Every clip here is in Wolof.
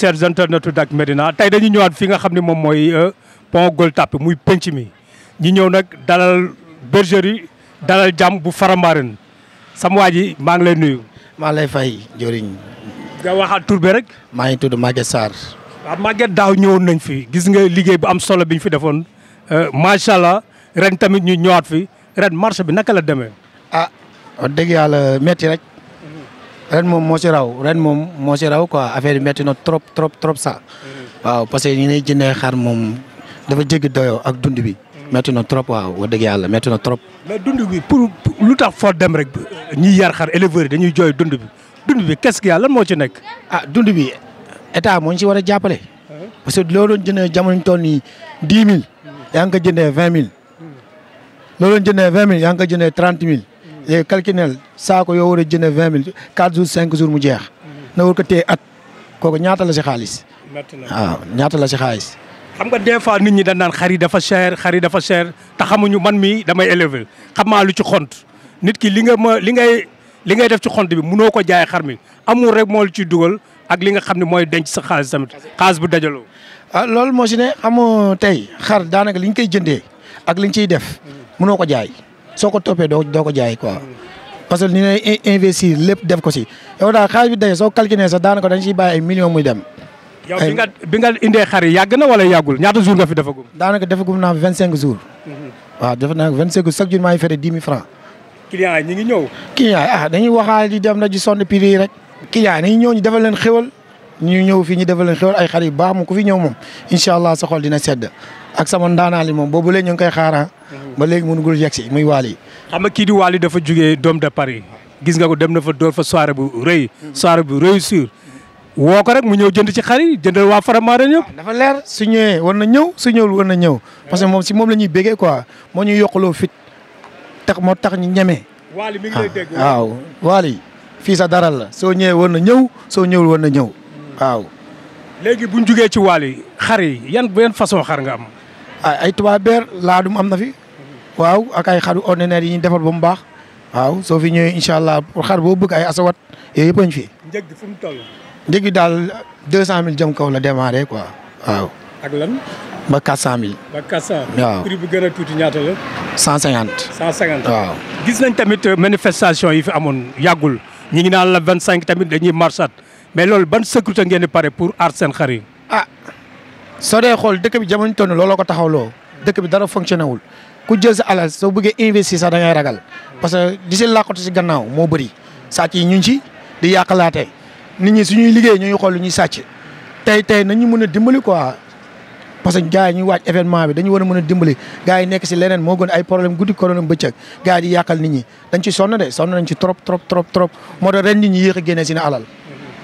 chers internautes Dak Médina tey dañu ñëwaat fi nga xam ne moom mooy euh, pont gol Tapée muy penc mi ñu ñëw nag dalal bergerie dalal jàmm bu Faramaren sama waa ji maa ngi lay nuyu. maa lay fay joriñ nga waxaat tur rek. maa ngi tudd Maguette Sarr. waaw Maguette daaw ñëwoon nañ fi gis nga liggéey bu am solo bi ñu fi defoon euh, macha allah ren tamit ñu ñëwaat fi ren marché bi naka la demee. ah wax dëgg yàlla métti rek. ren moom moo ci raw ren moom moo ci raw quoi affaire yi métti na trop trop trop sax waaw parce que ñu ngi jëndee xar moom dafa jéggi doyoo ak dund bi métti na trop waaw wax dëgg yàlla métti na trop. mais dund bi pour lu tax foo dem rek ñiy yar xar éleveurs yi dañuy jooy dund bi dund bi qu'est-ce qu'il moo ci nekk. ah dund bi état moo ñu si war a jàppale. parce que loo doon jëndee jamono ñu toll nii dix mille. yaa ngi ko jëndee vingt mille. loo doon jëndee vingt mille yaa ko jëndee trente mille. léegi calculel saako yoo war a jëndee vingt mille quatre jours cinq jours mu jeex. na war ko téye at kooku ñaata la si xaalis. waaw ñaata la si xaalis. xam nga des fois nit ñi dañ naan xar yi dafa cher xar dafa cher te xamuñu man mii damay élever xam maa lu ci xont nit ki li nga ma li ngay li ngay def ci xont bi munoo ko jaay xar mi amul rek moo lu ciy dugal ak li nga xam ne mooy denc sa xaalis tamit xaalis bu dajaloo. ah loolu moo si ne amoo tey xar daanaka li ñu koy jëndee ak li ñu ciy def mm. munoo ko jaay. soo ko toppee doo doo ko jaay quoi. parce que ni lay investir lépp def ko si yow daal xaalis bi daje soo calculé sax daanaka dañ siy bàyyi ay millions muy dem. yow bi nga bi nga indee xar yàgg na wala yàggul ñaata jours nga fi defagum. daanaka defagum naa vingt cinq jours. Mm-hmm. waaw def naa vingt cinq jours chaque jour maa ngi fere dix mille francs. clients yi ñu ngi ñëw. clients yi ah, dañuy waxaale di dem na di sonn prix yi rek. clients yi dañuy ñëw ñu defal leen ñu ñëw fii ñu defal leen ay xar yu baax mu ku fi ñëw moom incha allah sa xol dina sedd ak sama ndaanaali moom boobu léegi ñu ngi koy xaaraan. Ah. Mhm. ba léegi mënugul yegg si muy Wally. xam nga kii di Wally dafa jugee Dôme de Paris gis nga ko dem na fa door fa soirée bu rëy. Mhm. soirée bu réussir. woo ko rek mu ñëw jënd ci xar yi jëndal waa Faramare ñëpp. Ah, dafa leer su ñëwee war na ñëw su ñëwul war na ñëw. parce que moom si moom la ñuy bégee quoi moo ñuy yokkaloo fit tax moo tax ñu ñeme. Wally mi ngi lay dégg ah, waaw fii sa daral la soo ñëwee war na ñëw soo ñëwul war na ñëw waaw. léegi bu ñu jugee ci wàll yi xar yi yan yan façon xar nga am. ay tubaab beer laadum am na fi. waaw ak ay xaru ordinaire yi ñu defar ba mu baax. waaw soo fi ñëwee incha allah pour xar boo bëgg ay asawat yooyu yëpp fi. njëg fu mu toll. njëg daal deux cent mille jëm kaw la démarré quoi waaw. ak lan. ba quatre cent mille. ba quatre cent. waaw tuuti ñaata la. cent cinquante. cent cinquante waaw. gis nañ tamit manifestation yi fi amoon yàggul ñu ngi naan la cinq tamit dañuy marchat mais loolu ban sécurité ngeen di pare pour aar seen xar yi. ah soo dee xool dëkk bi jamono toll looloo ko taxawloo dëkk bi dara fonctionné wul ku jël sa alal soo bëggee investir sax da ragal parce que di si làqatu si gannaaw moo bëri sàcc yi ñu ngi ci di yàqalaate nit ñi suñuy liggéey ñu ngi xool lu ñuy sàcc tey tey nañu mën a dimbali quoi. parce que gars yi ñuy waaj événement bi dañu war a mën a dimbali gars yi nekk si leneen moo gën ay problème guddi problème bëccëg gars yi di yàqal nit ñi dañ ci ci trop trop trop trop moo tax ren nit ñi yéex a alal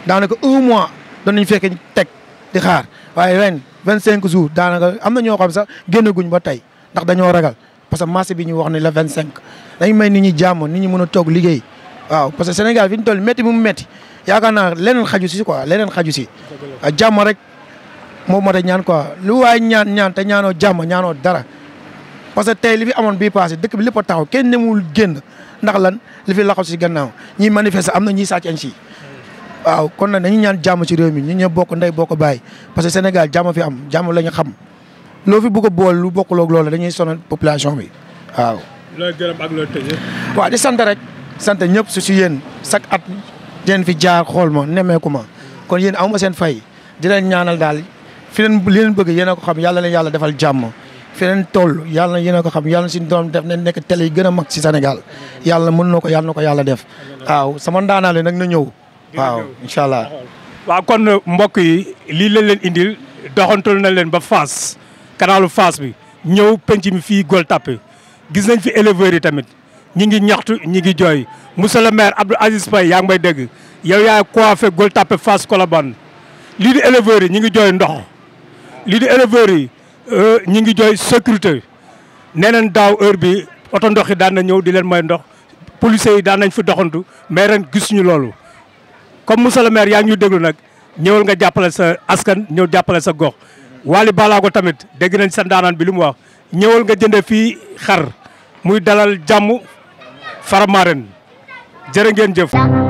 daanaka un mois doon nañu fekk teg di xaar waaye ren vingt cinq jour daanaka am na ñoo xam sax génnaguñ ba tey ndax dañoo ragal parce que marché bi ñu wax ne la vingt cinq dañ may nit ñi jàmm ni ñu mën a toog liggéey waaw parce que Sénégal fi ñu toll métti bu mu métti yaakaar naa leneen xaju si quoi leneen xaju si jàmm rek moom moo tax ñaan quoi lu waaye ñaan ñaan te ñaanoo jàmm ñaanoo dara parce que tey li fi amoon bii passé dëkk bi lépp a taxaw kenn demul génn ndax lan li fi laxaw si gannaaw ñi manifester am na ñiy sàcc si waaw kon nag dañuy ñaan jàmm ci réew mi ñu ñëpp bokk ndey bokk bàyyi parce que Sénégal jàmm fi am jàmm la ñu xam loo fi bëgg bool lu bokk ak lool dañuy sonal population bi waaw. looy gërëm ak looy tëjee. waaw di sant rek sant ñëpp su si yéen sakk at deen fi jaar xool ma nemmeeku ma kon yéen aw ma seen fay di leen ñaanal daal fi leen li leen bëgg yéen a ko xam yàlla leen yàlla defal jàmm fi leen toll yàlla na yéen ko xam yàlla na suñu doom def na nekk tele yi gën a mag si Sénégal yàlla mën na ko yàlla na ko yàlla def waaw waaw incha allah waaw kon mbokk yi lii lañ leen indil doxantul na leen ba Fass kanaalu Fass bi ñëw penc mi fii Gueule Tapée gis nañ fi éleveurs yi tamit ñi ngi ñaxtu ñi ngi jooy monsieur le maire Abdou Aziz Paye yaa ngi may dégg yow yaa coiffé Gueule Tapée Fass Colobane lii di éleveurs yi ñi ngi jooy ndox lii di éleveurs yi euh, ñi ngi jooy sécurité nee nañ daaw heure bi oto ndox yi daan na ñëw di leen may ndox policiers yi daan nañ fi doxantu mais ren gisuñu loolu comme monsieur le yaa ngi ñu déglu nag ñëwal nga jàppale sa askan ñëw jàppale sa gox. Wally Ballago tamit dégg nañ sa ndaanaan bi lu mu wax ñëwal nga jënde fii xar muy dalal jàmm Faramareen jërë ngeen jëf.